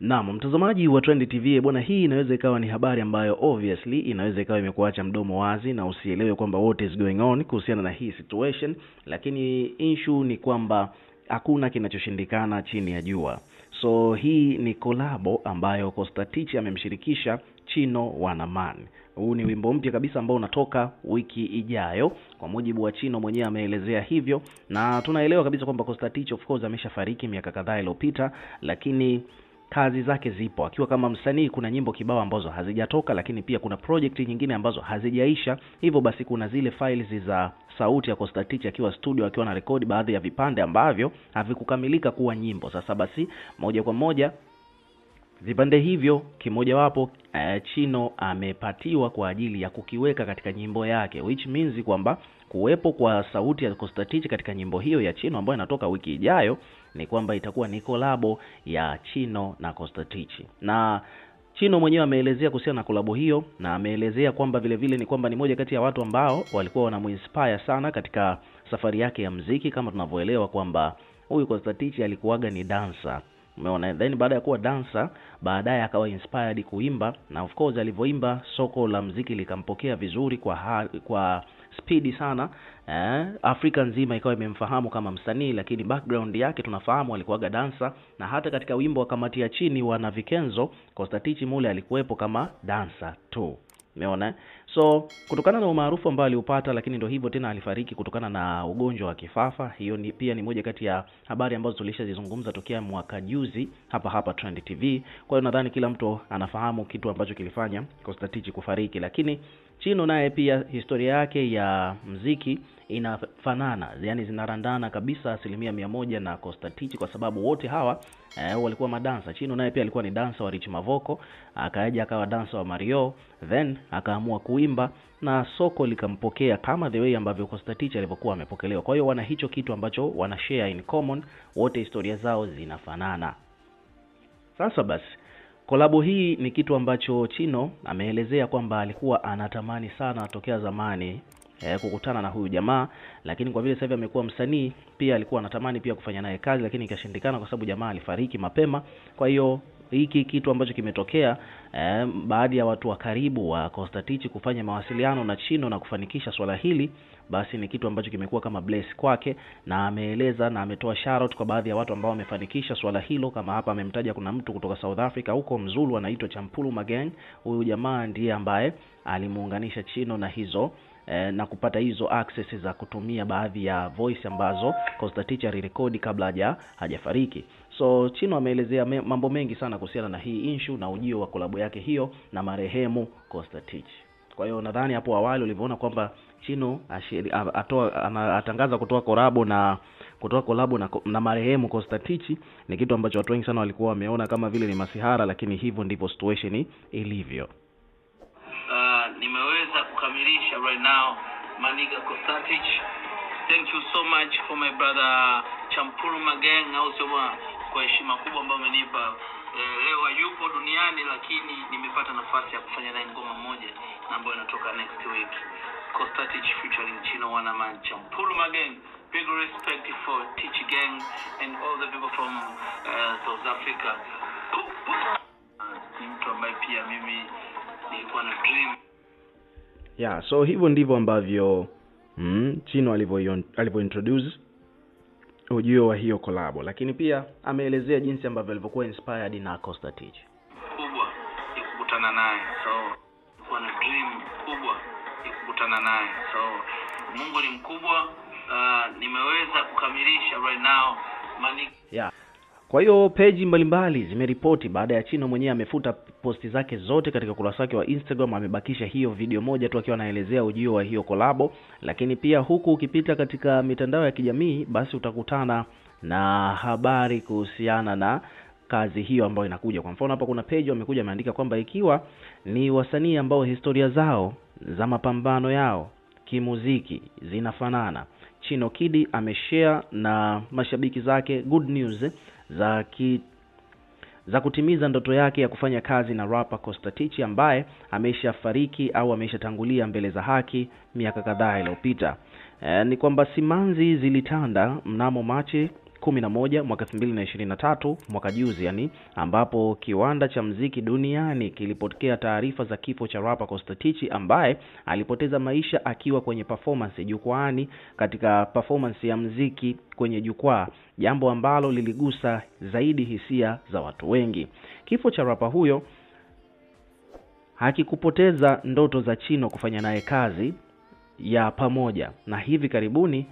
Naam, mtazamaji wa Trend TV bwana, hii inaweza ikawa ni habari ambayo obviously inaweza ikawa imekuacha mdomo wazi na usielewe kwamba what is going on kuhusiana na hii situation, lakini issue ni kwamba hakuna kinachoshindikana chini ya jua. So hii ni kolabo ambayo Costa Tich amemshirikisha Chino Wanaman. Huu ni wimbo mpya kabisa ambao unatoka wiki ijayo, kwa mujibu wa Chino mwenyewe ameelezea hivyo, na tunaelewa kabisa kwamba Costa Tich of course ameshafariki miaka kadhaa iliyopita, lakini kazi zake zipo akiwa kama msanii. Kuna nyimbo kibao ambazo hazijatoka, lakini pia kuna project nyingine ambazo hazijaisha. Hivyo basi, kuna zile files za sauti ya Costa akiwa studio akiwa na rekodi baadhi ya vipande ambavyo havikukamilika kuwa nyimbo. Sasa basi, moja kwa moja vipande hivyo kimojawapo eh, Chino amepatiwa kwa ajili ya kukiweka katika nyimbo yake, which means kwamba kuwepo kwa sauti ya Kostatich katika nyimbo hiyo ya Chino ambayo inatoka wiki ijayo ni kwamba itakuwa ni kolabo ya Chino na Kostatich na Chino mwenyewe ameelezea kuhusiana na kolabo hiyo na ameelezea kwamba vile vile ni kwamba ni moja kati ya watu ambao walikuwa wanamuinspire sana katika safari yake ya mziki, kama tunavyoelewa kwamba huyu Kostatich alikuwaga ni dansa Umeona? Then baada ya kuwa dansa baadaye akawa inspired kuimba na of course alivyoimba soko la mziki likampokea vizuri kwa ha, kwa spidi sana eh, Afrika nzima ikawa imemfahamu kama msanii, lakini background yake tunafahamu alikuwaga dansa, na hata katika wimbo wa kamati ya chini wa Navikenzo Costa mule alikuwepo kama dansa tu. Umeona? So kutokana na umaarufu ambao aliupata, lakini ndio hivyo tena, alifariki kutokana na ugonjwa wa kifafa. Hiyo ni pia ni moja kati ya habari ambazo tulishazizungumza tokea mwaka juzi hapa hapa Trend TV. Kwa hiyo nadhani kila mtu anafahamu kitu ambacho kilifanya Costa kufariki, lakini Chino naye pia historia yake ya mziki inafanana, yani zinarandana kabisa asilimia mia moja na Costa kwa sababu wote hawa eh, walikuwa madansa. Chino naye pia alikuwa ni dansa wa Rich Mavoko, akaja akawa dansa wa Mario, then akaamua kuimba na soko likampokea kama the way ambavyo Costa alivyokuwa amepokelewa. Kwa hiyo wana hicho kitu ambacho wana share in common, wote historia zao zinafanana. Sasa basi kolabo hii ni kitu ambacho Chino ameelezea kwamba alikuwa anatamani sana tokea zamani eh, kukutana na huyu jamaa, lakini kwa vile sasa hivi amekuwa msanii pia, alikuwa anatamani pia kufanya naye kazi, lakini ikashindikana kwa sababu jamaa alifariki mapema. Kwa hiyo hiki kitu ambacho kimetokea eh, baadhi ya watu wa karibu wa Costa Titch kufanya mawasiliano na Chino na kufanikisha swala hili, basi ni kitu ambacho kimekuwa kama bless kwake, na ameeleza na ametoa shoutout kwa baadhi ya watu ambao wamefanikisha swala hilo. Kama hapa amemtaja, kuna mtu kutoka South Africa huko Mzulu anaitwa Champulu Mageng. Huyu jamaa ndiye ambaye alimuunganisha Chino na hizo Eh, na kupata hizo access za kutumia baadhi ya voice ambazo Teacher alirekodi kabla haja hajafariki. So Chino ameelezea me, mambo mengi sana kuhusiana na hii issue na ujio wa kolabo yake hiyo na marehemu Costatich. Kwa hiyo nadhani hapo awali ulivyoona kwamba Chino ashiri, atoa, atangaza kutoa kolabo na kutoa kolabo na, na marehemu Teach ni kitu ambacho watu wengi sana walikuwa wameona kama vile ni masihara, lakini hivyo ndivyo situation ilivyo right now, Maniga Kostatic. Thank you so much for my brother Champuru Mageng, au sio bwana, kwa heshima kubwa ambayo amenipa eh, leo hayupo duniani, lakini nimepata nafasi ya kufanya naye ngoma moja ambayo inatoka next week. Kostatic featuring Chino Wanaman Champuru Mageng. Big respect for Teach Gang and all the people from uh, South Africa. Ni mtu ambaye pia mimi nilikuwa na dream yeah, so hivyo ndivyo ambavyo mm, Chino alivyointroduce ujio wa hiyo kolabo, lakini pia ameelezea jinsi ambavyo alivyokuwa inspired na costa Teach kubwa ikukutana naye, so kuwa na dream kubwa ikukutana naye, so Mungu ni mkubwa. Uh, nimeweza kukamilisha right now mani yeah. Kwa hiyo peji mbalimbali zimeripoti baada ya Chino mwenyewe amefuta posti zake zote katika ukurasa wake wa Instagram, amebakisha hiyo video moja tu akiwa anaelezea ujio wa hiyo kolabo. Lakini pia huku ukipita katika mitandao ya kijamii, basi utakutana na habari kuhusiana na kazi hiyo ambayo inakuja. Kwa mfano, hapa kuna peji wamekuja ameandika kwamba ikiwa ni wasanii ambao historia zao za mapambano yao kimuziki zinafanana Chino Kidi ameshare na mashabiki zake good news za ki, za kutimiza ndoto yake ya kufanya kazi na rapa Costa Tichi ambaye ameshafariki au ameshatangulia mbele za haki miaka kadhaa iliyopita. E, ni kwamba simanzi zilitanda mnamo Machi 11 mwaka 2023 mwaka juzi yani, ambapo kiwanda cha mziki duniani kilipokea taarifa za kifo cha rapa Costa ambaye alipoteza maisha akiwa kwenye performance jukwaani katika performance ya mziki kwenye jukwaa, jambo ambalo liligusa zaidi hisia za watu wengi. Kifo cha rapa huyo hakikupoteza ndoto za Chino kufanya naye kazi ya pamoja, na hivi karibuni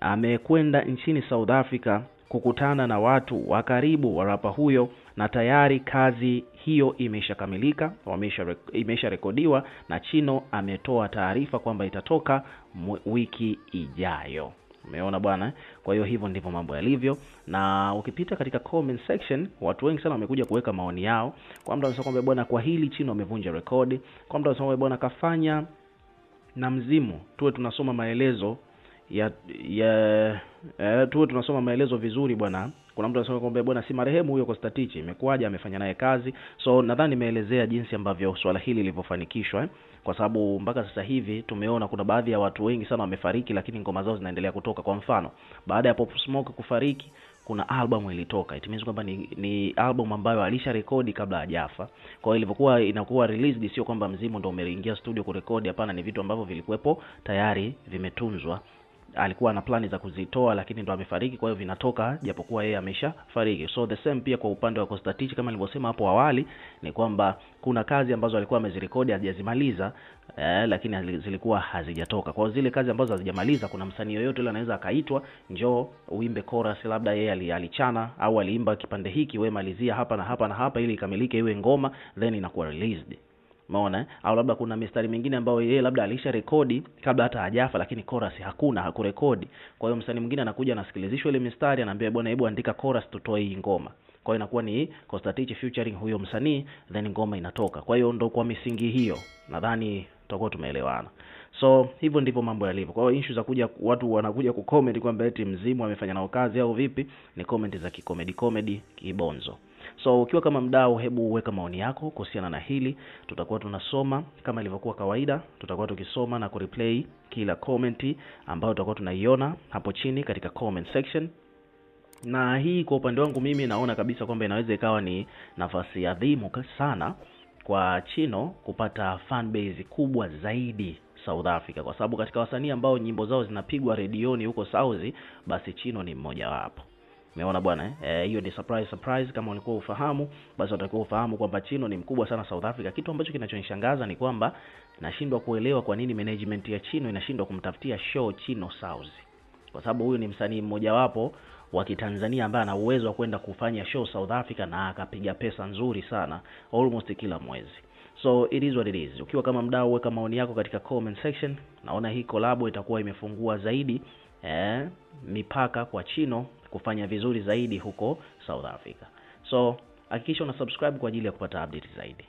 amekwenda nchini South Africa kukutana na watu wa karibu wa rapa huyo, na tayari kazi hiyo imeshakamilika, imesharekodiwa na Chino ametoa taarifa kwamba itatoka wiki ijayo. Umeona bwana. Kwa hiyo hivyo ndivyo mambo yalivyo, na ukipita katika comment section, watu wengi sana wamekuja kuweka maoni yao. Kwa mda kwamba bwana, kwa hili Chino amevunja rekodi. Kwa mtu bwana, kafanya na mzimu, tuwe tunasoma maelezo ya, ya, ya eh, tuwe tunasoma maelezo vizuri bwana. Kuna mtu anasema kwamba bwana, si marehemu huyo Kostatich, imekuwaje? Amefanya naye kazi? So nadhani nimeelezea jinsi ambavyo swala hili lilivyofanikishwa eh? Kwa sababu mpaka sasa hivi tumeona kuna baadhi ya watu wengi sana wamefariki, lakini ngoma zao zinaendelea kutoka. Kwa mfano, baada ya Pop Smoke kufariki kuna album ilitoka. It means kwamba ni, ni album ambayo alisha rekodi kabla hajafa. Kwa hiyo ilivyokuwa inakuwa released, sio kwamba mzimu ndio umeingia studio kurekodi. Hapana, ni vitu ambavyo vilikuwepo tayari vimetunzwa alikuwa na plani za kuzitoa, lakini ndo amefariki, kwa hiyo vinatoka japokuwa yeye ameshafariki. So the same pia kwa upande wa Costatich, kama nilivyosema hapo awali, ni kwamba kuna kazi ambazo alikuwa amezirekodi hajazimaliza eh, lakini zilikuwa hazijatoka. Kwa zile kazi ambazo hazijamaliza, kuna msanii yoyote ile anaweza akaitwa, njoo uimbe chorus, labda yeye alichana au aliimba kipande hiki, we malizia hapa na hapa na hapa, ili ikamilike iwe ngoma, then inakuwa released maona eh? au labda kuna mistari mingine ambayo yeye labda alisha rekodi kabla hata hajafa lakini chorus hakuna hakurekodi kwa hiyo msanii mwingine anakuja anasikilizishwa ile mistari anaambia bwana hebu andika chorus tutoe hii ngoma kwa hiyo inakuwa ni Costatich featuring huyo msanii then ngoma inatoka kwa hiyo ndo kwa misingi hiyo nadhani tutakuwa tumeelewana so hivyo ndivyo mambo yalivyo kwa hiyo issue za kuja watu wanakuja ku comment kwamba eti mzimu amefanya nao kazi au vipi ni comment za kikomedi comedy kibonzo So ukiwa kama mdau, hebu uweka maoni yako kuhusiana na hili. Tutakuwa tunasoma kama ilivyokuwa kawaida, tutakuwa tukisoma na kureplay kila comment ambayo tutakuwa tunaiona hapo chini katika comment section na hii kwa upande wangu mimi naona kabisa kwamba inaweza ikawa ni nafasi adhimu sana kwa Chino kupata fan base kubwa zaidi South Africa, kwa sababu katika wasanii ambao nyimbo zao zinapigwa redioni huko Saudi, basi Chino ni mmojawapo. Umeona bwana eh? eh? Hiyo ni surprise surprise, kama ulikuwa ufahamu, basi unatakiwa ufahamu kwamba Chino ni mkubwa sana South Africa. Kitu ambacho kinachonishangaza ni kwamba nashindwa kuelewa kwa nini management ya Chino inashindwa kumtafutia show Chino South, kwa sababu huyu ni msanii mmojawapo wa Kitanzania ambaye ana uwezo wa kwenda kufanya show South Africa na akapiga pesa nzuri sana almost kila mwezi. So it is what it is. Ukiwa kama mdau, weka maoni yako katika comment section. Naona hii collab itakuwa imefungua zaidi eh, mipaka kwa Chino kufanya vizuri zaidi huko South Africa. So hakikisha una subscribe kwa ajili ya kupata update zaidi.